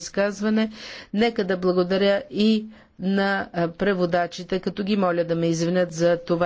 изказване. Нека да благодаря и на преводачите, като ги моля да ме извинят за това.